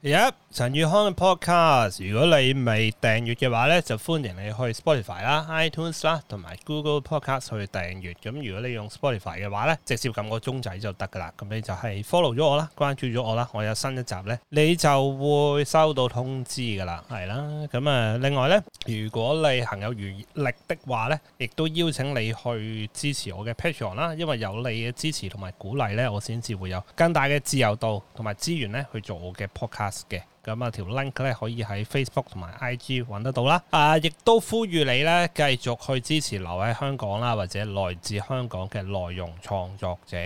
Yeah，陳宇康嘅 podcast，如果你未訂閱嘅話咧，就歡迎你去 Spotify 啦、iTunes 啦，同埋 Google Podcast 去訂閱。咁如果你用 Spotify 嘅話咧，直接撳個鐘仔就得噶啦。咁你就係 follow 咗我啦，關注咗我啦，我有新一集咧，你就會收到通知噶啦。係啦，咁啊，另外咧，如果你行有餘力的話咧，亦都邀請你去支持我嘅 Patreon 啦，因為有你嘅支持同埋鼓勵咧，我先至會有更大嘅自由度同埋資源咧去做我嘅 podcast。嘅，咁啊，條 link 咧可以喺 Facebook 同埋 IG 揾得到啦。啊，亦都呼籲你咧繼續去支持留喺香港啦，或者來自香港嘅內容創作者。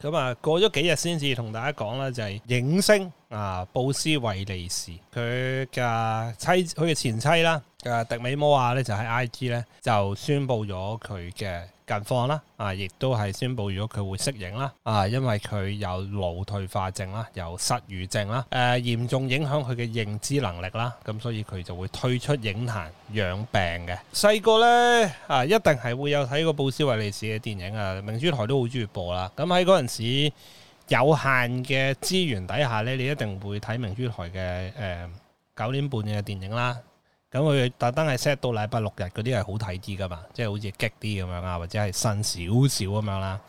咁啊，過咗幾日先至同大家講啦，就係、是、影星啊，布斯維利士佢嘅妻，佢嘅前妻啦。迪美摩亞咧就喺 IG 咧就宣布咗佢嘅近況啦，啊，亦都係宣布咗佢會息影啦，啊，因為佢有腦退化症啦，有失語症啦，誒，嚴重影響佢嘅認知能力啦，咁所以佢就會退出影壇養病嘅。細個咧啊，一定係會有睇過布斯韋利士嘅電影啊，明珠台都好中意播啦。咁喺嗰陣時有限嘅資源底下咧，你一定會睇明珠台嘅九點半嘅電影啦。咁佢特登係 set 到禮拜六日嗰啲係好睇啲噶嘛，即係好似激啲咁樣啊，或者係新少少咁樣啦。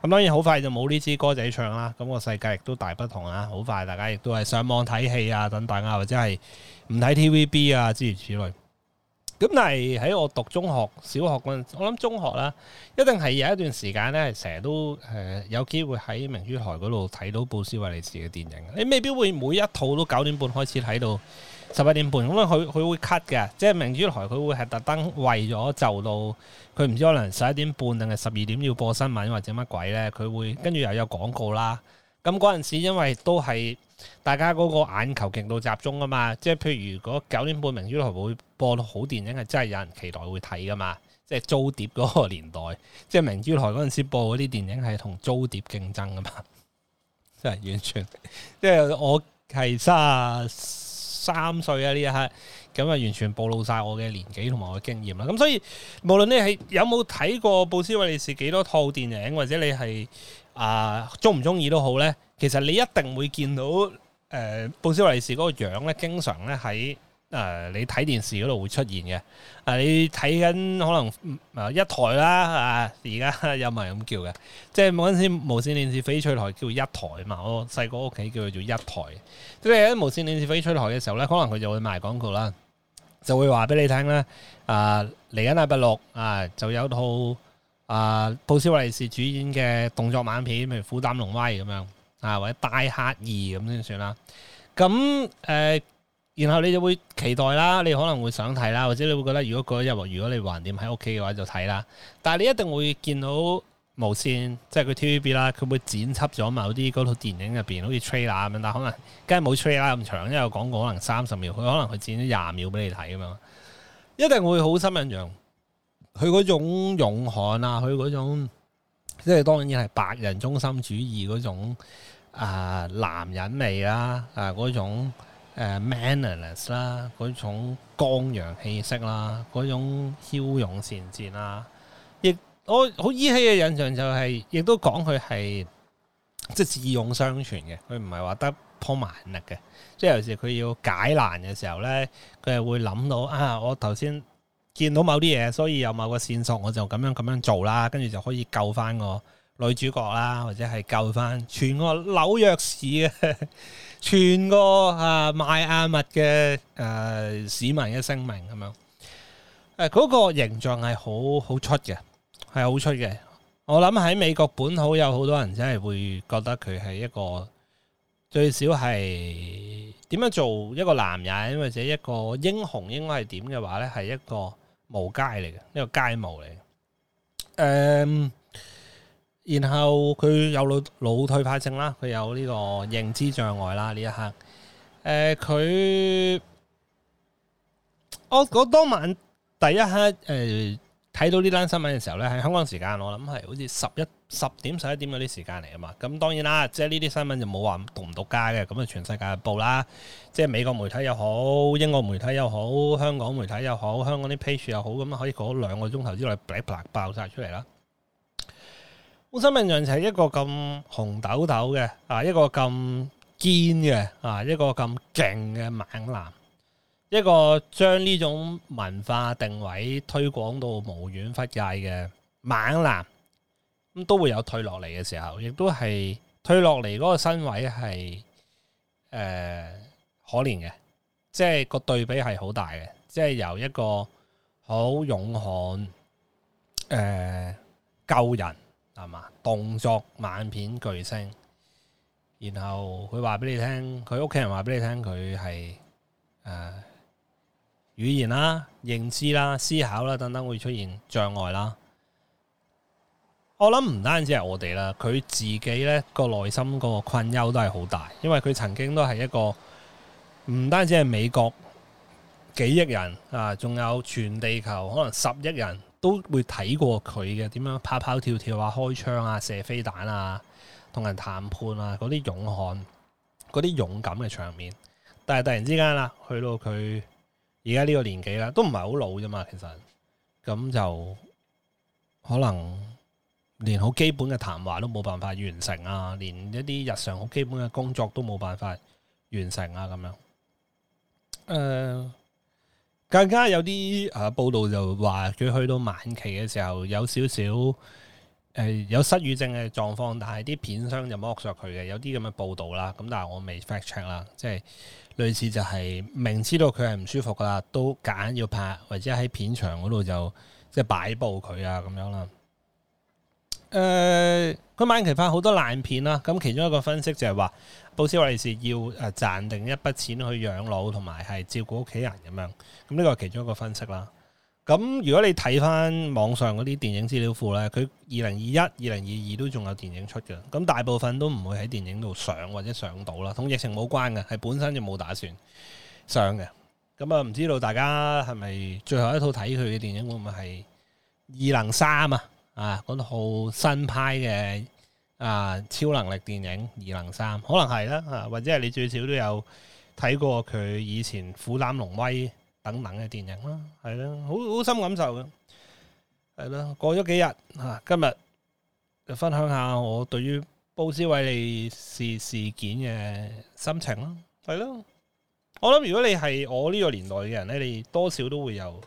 咁當然好快就冇呢支歌仔唱啦。咁個世界亦都大不同啊！好快大家亦都係上網睇戲啊，等等啊，或者係唔睇 TVB 啊諸如此類。咁但係喺我讀中學、小學嗰陣，我諗中學啦，一定係有一段時間咧，成日都誒有機會喺明珠台嗰度睇到布斯韋利士嘅電影。你未必會每一套都九點半開始睇到。十一點半咁啊，佢佢會 cut 嘅，即係明珠台佢會係特登為咗就到佢唔知可能十一點半定係十二點要播新聞或者乜鬼咧，佢會跟住又有廣告啦。咁嗰陣時因為都係大家嗰個眼球極度集中啊嘛，即係譬如如果九點半明珠台會播到好電影，係真係有人期待會睇噶嘛。即係租碟嗰個年代，即係明珠台嗰陣時播嗰啲電影係同租碟競爭噶嘛，即係完全。即係我係卅。三歲啊！呢一刻咁啊，完全暴露晒我嘅年紀同埋我嘅經驗啦。咁所以，無論你係有冇睇過布斯韋利士幾多套電影，或者你係啊中唔中意都好呢，其實你一定會見到誒、呃、布斯韋利士嗰個樣咧，經常呢喺。誒、啊，你睇電視嗰度會出現嘅。誒，你睇緊可能誒一台啦，啊，而家有埋咁叫嘅。即係嗰陣時無線電視翡翠台叫一台嘛，我細個屋企叫佢做一台。即係喺無線電視翡翠台嘅時候咧，可能佢就會賣廣告啦，就會話俾你聽咧。誒、啊，嚟緊禮拜六，誒、啊，就有一套誒、啊、布斯韋利士主演嘅動作猛片，譬如《虎膽龍威》咁樣，啊，或者《大俠二》咁先算啦。咁、啊、誒。啊然後你就會期待啦，你可能會想睇啦，或者你會覺得如果嗰日如果你橫掂喺屋企嘅話就睇啦。但係你一定會見到無線，即係佢 TVB 啦，佢會剪輯咗某啲嗰套電影入邊，好似 trailer 咁樣，但可能梗係冇 trailer 啦咁長，因為我講過可能三十秒，佢可能佢剪咗廿秒俾你睇咁樣，一定會好深印象。佢嗰種勇悍啊，佢嗰種即係當然係白人中心主義嗰種啊、呃、男人味啦啊嗰種。Manliness 啦，嗰、呃、種剛陽氣息啦，嗰種驍勇善戰啦，亦我好依稀嘅印象就係、是，亦都講佢係即係智勇雙全嘅，佢唔係話得頗蠻力嘅，即係有時佢要解難嘅時候咧，佢係會諗到啊，我頭先見到某啲嘢，所以有某個線索，我就咁樣咁樣做啦，跟住就可以救翻我。女主角啦，或者係救翻全個紐約市嘅，全個啊賣阿物嘅誒市民嘅生命。咁樣。誒、啊，嗰、那個形象係好好出嘅，係好出嘅。我諗喺美國本土有好多人真係會覺得佢係一個最少係點樣做一個男人，或者一個英雄應該係點嘅話呢係一個無街嚟嘅，一個街模嚟嘅。誒、嗯。然後佢有腦腦退化症啦，佢有呢個認知障礙啦。呢一刻，誒、呃，佢我我當晚第一刻誒睇、呃、到呢單新聞嘅時候咧，喺香港時間我諗係好似十一十點十一點嗰啲時間嚟㗎嘛。咁、嗯、當然啦，即係呢啲新聞就冇話獨唔獨家嘅，咁、嗯、啊全世界報啦，即係美國媒體又好，英國媒體又好，香港媒體又好，香港啲 page 又好，咁啊可以講兩個鐘頭之內，白白爆晒出嚟啦。本身名人就係一個咁紅豆斗嘅，啊一個咁堅嘅，啊一個咁勁嘅猛男，一個將呢種文化定位推廣到無遠弗屆嘅猛男，咁都會有退落嚟嘅時候，亦都係退落嚟嗰個身位係誒、呃、可憐嘅，即係個對比係好大嘅，即係由一個好勇悍誒、呃、救人。係動作猛片巨星，然後佢話俾你聽，佢屋企人話俾你聽，佢係誒語言啦、認知啦、思考啦等等會出現障礙啦。我諗唔單止係我哋啦，佢自己呢個內心嗰個困擾都係好大，因為佢曾經都係一個唔單止係美國幾億人啊，仲有全地球可能十億人。都會睇過佢嘅點樣跑跑跳跳啊、開槍啊、射飛彈啊、同人談判啊，嗰啲勇悍、嗰啲勇敢嘅場面。但係突然之間啦，去到佢而家呢個年紀啦，都唔係好老啫嘛。其實咁就可能連好基本嘅談話都冇辦法完成啊，連一啲日常好基本嘅工作都冇辦法完成啊，咁樣。誒、呃。更加有啲誒報道就話佢去到晚期嘅時候，有少少誒有失語症嘅狀況，但係啲片商就剝削佢嘅，有啲咁嘅報道啦。咁但係我未 fact check 啦，即係類似就係明知道佢係唔舒服啦，都揀要拍，或者喺片場嗰度就即係擺佈佢啊，咁樣啦。誒，佢晚期拍好多爛片啦，咁其中一個分析就係話，布斯韋利士要誒賺定一筆錢去養老同埋係照顧屋企人咁樣，咁呢個係其中一個分析啦。咁如果你睇翻網上嗰啲電影資料庫咧，佢二零二一、二零二二都仲有電影出嘅，咁大部分都唔會喺電影度上或者上到啦，同疫情冇關嘅，係本身就冇打算上嘅。咁啊，唔知道大家係咪最後一套睇佢嘅電影，會唔會係二零三啊？啊！嗰套新派嘅啊超能力電影《二零三》可能係啦，啊，或者係你最少都有睇過佢以前《虎膽龍威》等等嘅電影啦，係啦，好好深感受嘅，係啦。過咗幾日啊，今日就分享下我對於布斯韋利士事件嘅心情咯，係咯。我諗如果你係我呢個年代嘅人咧，你多少都會有。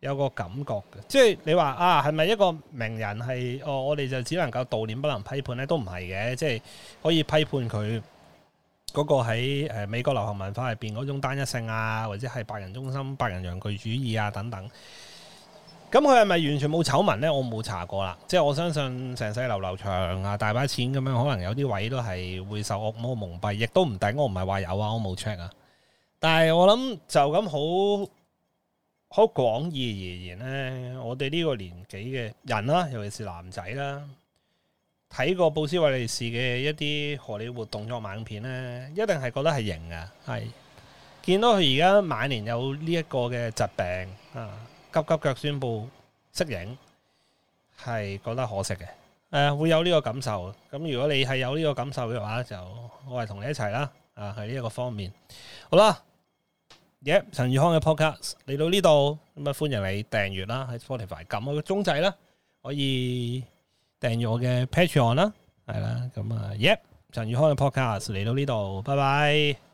有個感覺嘅，即係你話啊，係咪一個名人係哦？我哋就只能夠悼念，不能批判咧，都唔係嘅。即係可以批判佢嗰個喺誒美國流行文化入邊嗰種單一性啊，或者係白人中心、白人陽具主義啊等等。咁佢係咪完全冇醜聞咧？我冇查過啦。即係我相信成世流流長啊，大把錢咁樣，可能有啲位都係會受惡魔蒙蔽，亦都唔定。我唔係話有啊，我冇 check 啊。但係我諗就咁好。好，廣義而言咧，我哋呢個年紀嘅人啦，尤其是男仔啦，睇過布斯韋利士嘅一啲荷里活動作猛片咧，一定係覺得係型㗎，係見到佢而家晚年有呢一個嘅疾病啊，急急腳宣布，息影，係覺得可惜嘅。誒，會有呢個感受。咁如果你係有呢個感受嘅話，就我係同你一齊啦。啊，喺呢一個方面，好啦。耶！陳宇、yep, 康嘅 podcast 嚟到呢度，咁啊歡迎你訂閱啦喺 Spotify，撳我個鐘仔啦，可以訂閱我嘅 Patreon 啦，係、嗯、啦，咁啊耶！陳宇康嘅 podcast 嚟到呢度，拜拜。